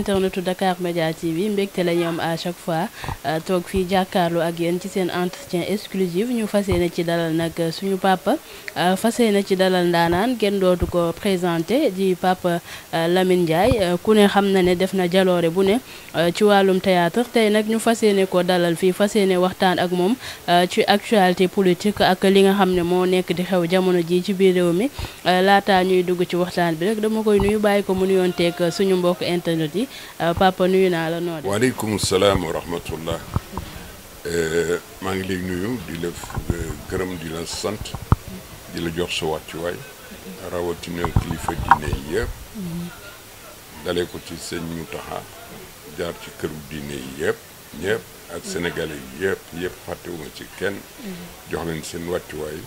internetu Dakar Media TV mbégte la ñu am à chaque fois euh, toog fii jàkkaarloo ak yéen ci seen entretien exclusif ñu fas yéene ci dalal nag suñu papa euh, fas yéene ci dalal ndaanaan kenn dootu ko présenté di papa euh, lamin Ndiaye ku ne xam na ne def na jaloore bu ne ci wàllum théâtre tey nag ñu fas yéene ko dalal fii fas yéene waxtaan ak moom ci actualité politique ak li nga xam ne moo nekk di xew jamono ji ci biir réew mi laata ñuy dugg ci waxtaan bi rek dama koy nuy bàyyi ko mu nuyoon teeg suñu mbokk internet yi Euh, papa nuyu naa la noo def. waaleykum salaam wa euh, maa ngi lay nuyu di la gërëm di la sant di la jox sa wàccuwaay rawatina kilifa diine yi yëpp dalee ko ci sëñ Mountakha jaar ci këru diine yépp yëpp ñëpp ak sénégalais yi yëpp yëpp ci kenn jox leen seen wàccuwaay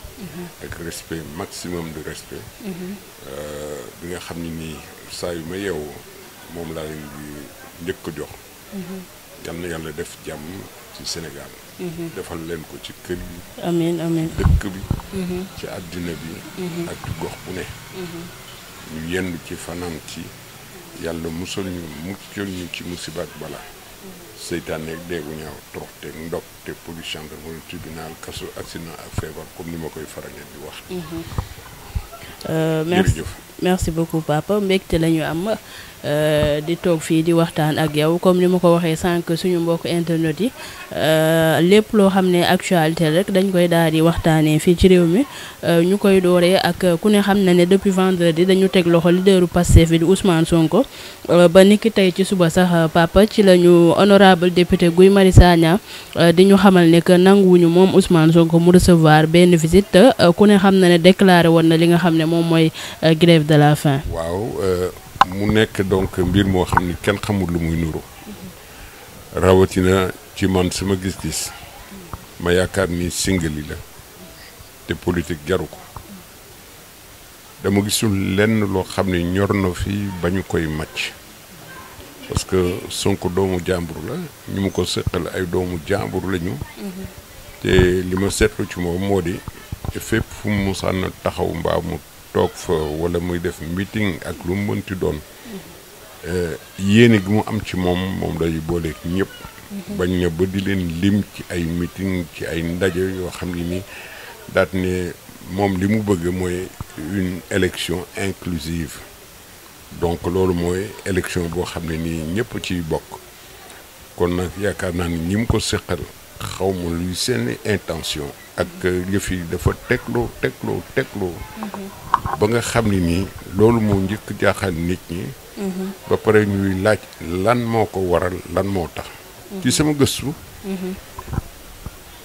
ak respect maximum de respect mhm. euh, bi nga xam ni nii saa yu ma yeewoo moom laa leen di njëkk jox. Mhm. yal na yàlla def jàmm ci Sénégal. Mhm. defal leen ko ci kër gi amiin amiin dëkk bi. Mhm. ci àddina bi. ak ci gox bu ne. ñu yendu ci fanaan ci yàlla musal ñu muccal ñu ci musibaat bala seytaan ak déggu ñaaw torox te ndog te police gendarmerie tribunal kaso accident ak feebar comme ni ma koy faralee di wax. Euh, merci merci beaucoup papa mbégte la ñu am euh, di toog fii di waxtaan ak yow comme ni ma ko waxee sànq suñu mbokk internet yi euh, lépp loo xam ne actualité rek dañ koy daal di waxtaanee fii ci réew mi euh, ñu koy dooree ak ku ne xam na ne depuis vendredi dañu teg loxo leaderu Pastef bi di Ousmane Sonko ba niki tey ci suba sax papa ci lañu ñu honorable député Guy Marius Sagna di ñu xamal ne que nanguwuñu moom Ousmane Sonko mu recevoir benn visite ku ne xam na ne déclaré woon na li nga xam ne moom mooy de la fin. waaw euh, mu nekk donc mbir moo xam ni kenn xamul lu muy nuru rawatina ci man sama gis-gis ma yaakaar ni singali la te politique jaru ko dama gisul lenn loo xam ne ñor na fi ba ñu koy màcc parce que Sonko doomu jàmbur la ñu mu ko sëqal ay doomu jàmbur lañu mhm. te li ma seetlu ci moom moo di fépp fu mu musaan taxaw mbaam mu toog fa wala muy def meeting ak lu mu mënti doon eh, yéene gi mu am ci moom moom day booleeg ñëpp mhm. bañ na ba di leen lim ci ay meeting ci ay ndaje yoo xam ne nii daat ne moom li mu bëggee mooy une élection inclusive donc loolu mooy élection boo xam ne nii ñëpp ciy bokk kon nag yaakaar naa ni ñi mu ko seqal xaw ma luy seeni intention ak yëf dafa tegloo tegloo tegloo ba nga xam ni nii loolu moo njëkk jaaxal nit ñi ba pare ñuy laaj lan moo ko waral lan moo tax ci sama gëstu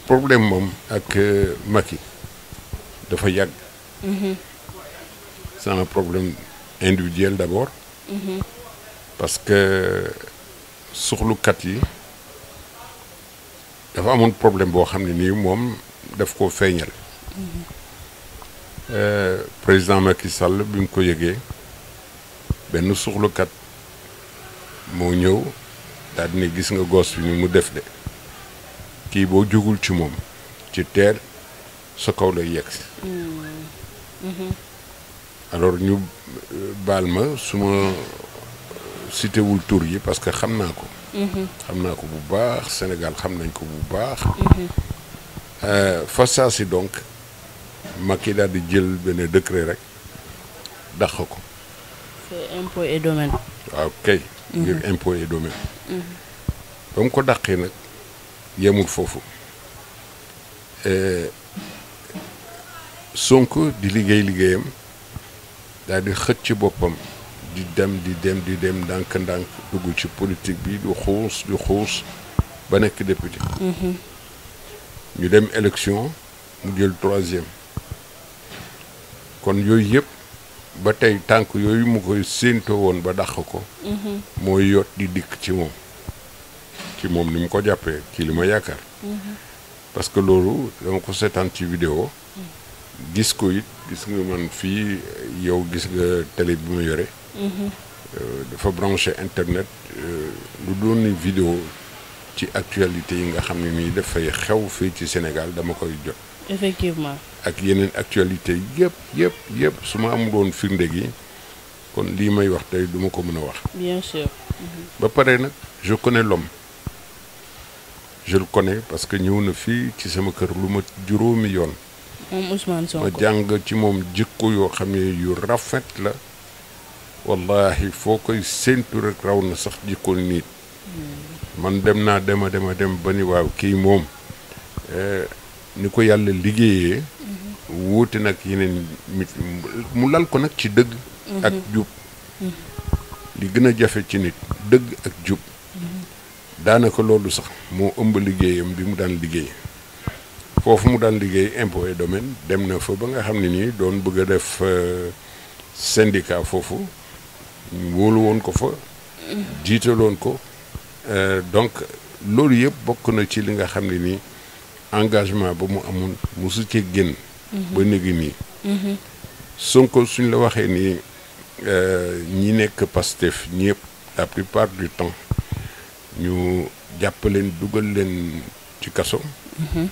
problème moom ak euh, Macky dafa yàgg sama un problème individuel d'abord parce que soxlukat yi dafa amoon problème boo xam ne nii moom daf ko feeñal euh, président Macky Sall bi mu ko yëgee benn suxlukat moo ñëw daal ne gis nga gos bi ni mu def de kii boo jógul ci moom ci teer sa kaw lay si mm-hmm. alors ñu euh, baal ma su ma euh, citéwul tur yi parce que xam naa ko mm-hmm. xam naa ko bu baax Sénégal xam nañ ko bu baax mm-hmm. Euh, fa saa si donc Macky daal di jël benn décret rek dàq ko. c'est impôt et domaine. waaw kay. Mhm. ngir impôt et domaine. Mhm. ba mu ko dàqee nag yemul foofu euh, Sonko di liggéey liggéeyam daal di xëcc boppam di dem di dem di dem ndànk-ndànk dugg ci politique bi du xuus du xuus ba nekk député. Mhm. ñu dem élection mu jël troisième kon yooyu yëpp ba tey tànk yooyu mu koy séento woon ba dàq ko mhm. moo yot di dikk ci moom ci moom ni mu ko jàppee ci li ma yaakaar mhm. parce que loolu dama ko seetaan ci vidéo mhm. gis ko it gis nga man fii yow gis nga télé bi ma yore euh, dafa branché internet euh, lu doon ni vidéo ci actualité yi nga xam ne nii dafay xew fii ci Sénégal dama koy jot. ak yeneen actualité yëpp yëpp yëpp su ma amul woon firnde gi kon lii may wax tey duma ko mën a wax. ba pare nag je connais l'homme je connais parce que ñëw na fii ci sama kër lu ma juróomi yoon. moom Ousmane ma jàng ci moom jikko yoo xam ne yu rafet la wallahi foo koy séentu rek raw na sax jikko nit. Hmm. man dem naa dem a dem a dem ba ni waaw kii moom eh, ni ko yàlla liggéeyee wuute nag yeneen mit mu lal ko nag ci dëgg ak mhm. jub mhm. li gën a jafe ci nit dëgg ak jub mhm. daanaka loolu sax moo ëmb liggéeyam bi mu daan liggéey foofu mu daan liggéey impôt et domaine dem na fa ba nga xam ne nii doon bëgg a def eh, syndicat foofu wóolu woon ko fa jiitaloon ko Euh, donc loolu yëpp bokk na ci li nga xam ne nii engagement ba mu amoon mosu cee génn. Mhm. ba léegi nii. Mhm. Sonko suñ la waxee nii euh, ñi nekk Pastef ñëpp la plupart du temps ñu jàpp leen dugal leen ci kaso. Mhm.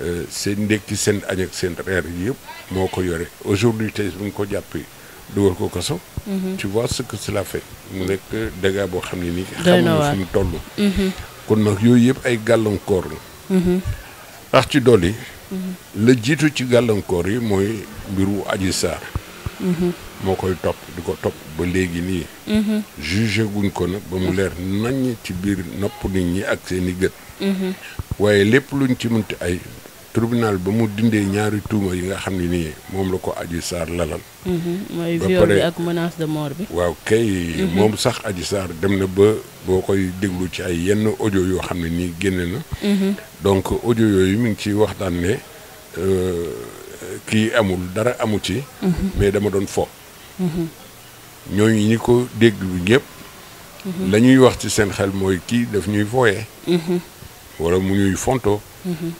Euh, seen ndekki seen añ ak seen reer yëpp moo ko yore aujourd'hui tey bu ko jàppee. dugal ko kaso. Mhm. tu vois ce que cela fait. mu nekk dégâts boo xam ne ni xamuñu fu mu toll. Mhm. kon nag yooyu yëpp ay gàllankoor la. Mhm. ndax ci dolli. la jiitu ci gàllankoor yi mooy mbir wu Adji Sarr. moo koy topp di ko topp ba léegi nii. jugé guñ ko nag ba mu leer naññ ci biir nopp nit ñi ak seen i gët. waaye lépp luñ ci mënti ay. tribunal ba mu dindee ñaari tuuma yi nga xam ne nii moom la ko aji Sarr lalal. Mhm, mooy viol bi ak menace de mort bi. waaw kay. Mhm. moom sax Adji Sarr dem na ba boo koy déglu ci ay yenn audio yoo xam ne nii génne na. Mhm. donc audio yooyu mi ngi ciy waxtaan ne euh, kii amul dara amu ci. mais dama doon fo. ñooñu ni ko déglu ñëpp. la ñuy wax ci seen xel mooy kii daf ñuy fooyee. wala mu ñuy fonto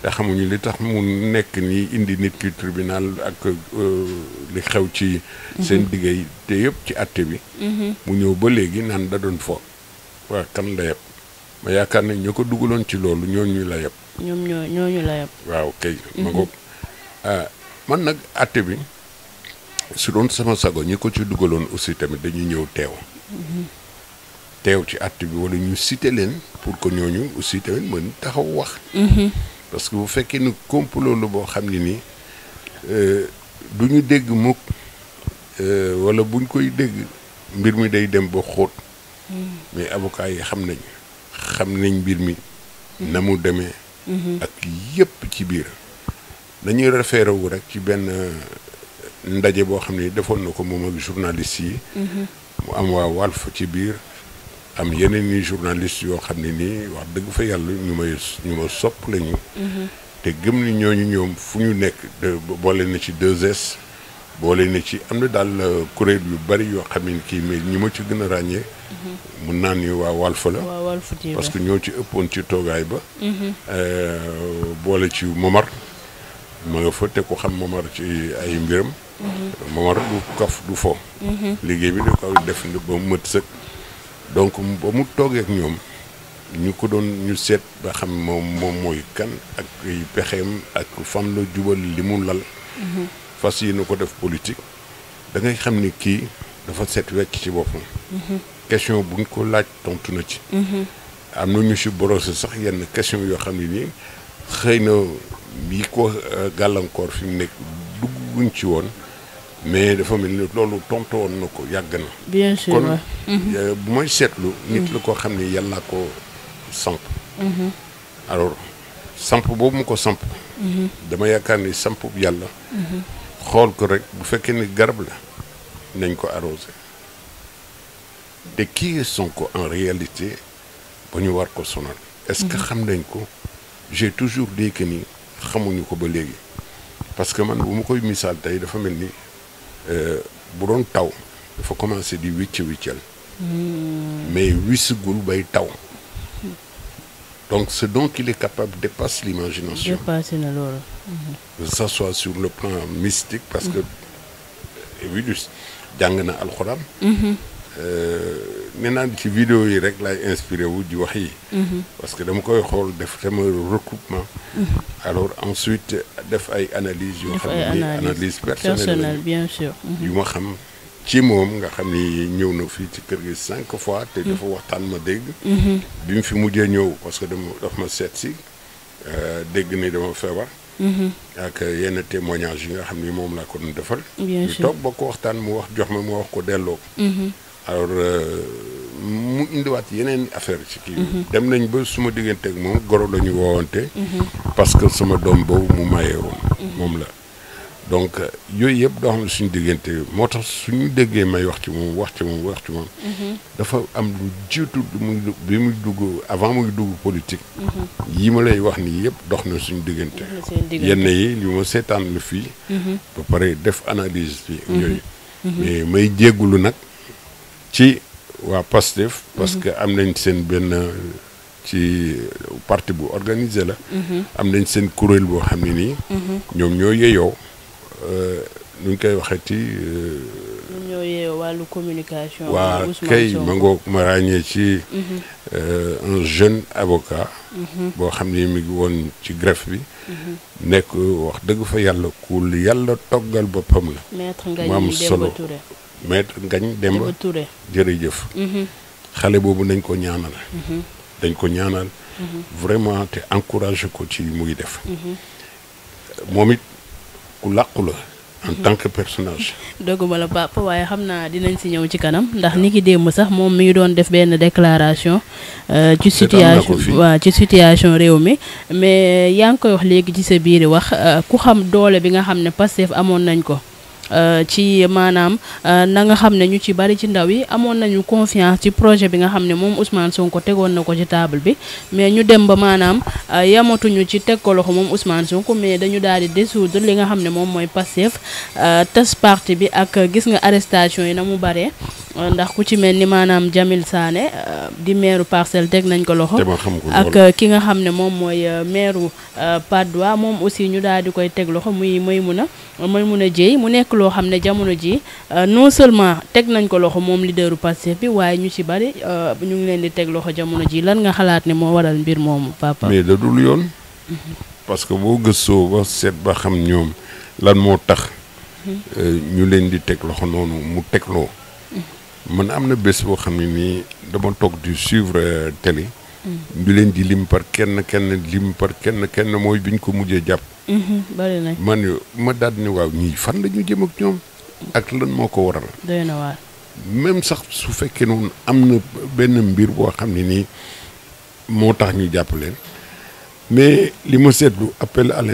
te xamuñu li tax mu nekk nii indi nit ki tribunal ak euh, li xew ci seen mhm. diggéey te yëpp ci àtte bi mhm. mu ñëw ba léegi naan da doon fo waa kan la yëpp ma yaakaar nañ ñoo ko dugaloon ci loolu ñooñu la yëpp ñoom ñoo ñooñu la yëpp waaw kay ma ko mhm. ah, man nag àtte bi su doon sama sago ñi ko ci dugaloon aussi tamit dañu ñëw teew teew ci àtte bi wala ñu cité leen pour que ñu aussi tamit mën taxaw wax parce que bu fekkee ni complot la boo xam ne nii euh, du ñu dégg mukk euh, walla buñ koy dégg mbir mi day dem ba xóot mm-hmm. mais avocat yi xam nañ xam nañ mbir mi mm-hmm. na mu demee mm-hmm. ak yépp ci biir dañuy référé wu rek ci benn euh, ndaje boo xam ne defoon na ko moom ak journaliste yi mu am waa Walf ci biir am yeneen i journaliste yoo xam ne nii wax dëgg fa yàlla ñu may ñu ma sopp lañu mhm. te gëm ni ñooñu ñoom fu ñu nekk boole na ci 2 boole na ci am na daal euh, kuréel yu bari yoo xam ne kii mais ñi ma ci gën a ràññee. Mhm. mun naa ni waa Walf la. parce que ñoo ci ëppoon ci toogaay ba. Mhm. Euh, boole ci Momar ma nga fa te ku xam Momar ci ay mbiram. Momar du kaf du fo. liggéey bi da ko def ba mët sëkk. donc ba mu toogee ak ñoom ñu ko doon ñu seet ba xam moom moom mooy kan ak ay pexeem ak fam la jubal li mu lal. Mm-hmm. fas yi nu ko def politique da ngay xam ni kii dafa seet wecc ci boppam. Mm-hmm. question buñ ko laaj tontu na ci. Mm-hmm. am na ñu si borosé sax yenn question yoo xam ne nii xëy na yi ko euh, gàllankoor fi mu nekk dugguñ ci woon. mais dafa mel ni loolu tontu woon na ko yàgg na. bien mhm. euh, bu may seetlu. nit la koo xam ne yàlla ko samp. Mhm. alors samp boobu mu ko samp. Mhm. dama yaakaar ni samp bu yàlla. xool ko rek bu fekkee ni garab la nañ ko arrosé de kii Sonko en réalité ba ñu war ko sono est-ce que xam nañ ko j'ai toujours dit que ni xamuñu ko ba léegi parce que man bu mu koy misaal tey dafa mel ni. Euh, bu doon taw dafa commencé di wicc wiccal hmm. mais wisigul bay taw donc ce dont il est capable dépasse l'imagination dépasse na loolu que ça soit sur le plan mystique parce que hmm. évidus jàng na alxuraan nee naa ci vidéo yi rek laay inspiré wu di wax yi. Mhm. parce que dama koy xool def sama recoupement. Mhm. alors ensuite def ay analyse yoo xam ne analyse personnelle yu ma xam ci moom nga xam ni ñëw na fii ci kër gi cinq fois. te mhm. dafa waxtaan ma dégg. bi mu fi mujjee ñëw parce que dama daf ma seet si euh, dégg ni dama feebar. ak yenn témoignage yi nga xam ni moom laa ko defal. bien ba ko waxtaan mu wax jox ma mu wax ko delloo. alors euh, mu indiwaat yeneen affaire ci kii. Mhm. dem nañ ba suma diggante ak moom goro la ñu woowante. Mhm. parce que sama doom boobu mu maye woon. Mhm. moom la donc yooyu yëpp doo xam ne suñu diggante moo tax suñu déggee may wax ci moom wax ci moom wax ci moom. dafa am lu jiitu bi mu dugg avant mu dugg politique. yi ma lay wax nii yëpp dox na suñu diggante. yenn yi li ma seetaan lu fii. ba pare def analyse bi. yooyu mais may jéggulu nag. ci waa Pastef parce mhm. que am nañ seen benn ci parti bu organisé la mhm. am nañ seen kuréel boo xam ne nii mhm. ñoom ñoo yeyoo euh, nu ñu koy waxee ci ñoom ñoo yeyoo wàllu communication waa kay ma ngoog ma ràññee ci euh, un jeune avocat boo xam ne mi ngi woon ci greffe bi nekk wax dëgg fa yàlla ku yàlla toggal boppam la mu am solo maître Ngagne Demba Touré jërëjëf. Mhm. xale boobu nañ ko ñaanal. Mhm. dañ ko ñaanal. Mhm. vraiment te encouragé ko ci muy def. moom it ku làqu la. en tant que personnage. dëgguma la papa waaye xam naa dinañ si ñëw ci kanam ndax ni ki démb sax moom mi ngi doon def benn déclaration. Euh, ci situation waaw ci situation réew mi. mais yaa ngi koy wax léegi ci sa biir wax euh, ku xam doole bi nga xam ne Pastef amoon nañ ko. Euh, ci maanaam euh, na nga xam ne ñu ci bari ci ndaw yi amoon nañu confiance ci projet bi nga xam ne moom Ousmane Sonko tegoon na ko ci table bi mais ñu dem ba maanaam euh, yamatuñu ci teg ko loxo moom Ousmane Sonko mais dañu daal di dissoudre li nga xam ne moom mooy Pastef tas parti bi ak gis nga arrestation yi na mu baree Euh, ndax ku ci mel ni maanaam Jamil Sané euh, di meeru parcelle teg nañ ko loxo ak euh, ki nga xam ne moom mooy meeru Patte d'Oie moom aussi ñu daal di koy teg loxo muy mun a Dièye mu nekk loo xam ne jamono ji non seulement teg nañ ko loxo moom leaderu Pastef bi waaye ñu ci bari ñu ngi leen di teg loxo jamono ji lan nga xalaat ne moo waral mbir moomu papa mais da dul yoon mhm. parce que boo gëstoo ba seet ba xam ñoom lan moo tax mhm. ñu leen di teg loxo noonu mu tegloo man am na bés boo xam ne nii dama toog di suivre euh, télé. Mm-hmm. ñu leen di lim par kenn kenn lim par kenn kenn mooy buñ ko mujjee jàpp. Mm-hmm. bari man yo ma daal ni waaw ñii fan lañu jëm ak ñoom. ak lan moo ko waral. doy sax su fekkee noonu am na benn mbir boo xam ne nii moo tax ñu jàpp leen mais li ma seetlu appel à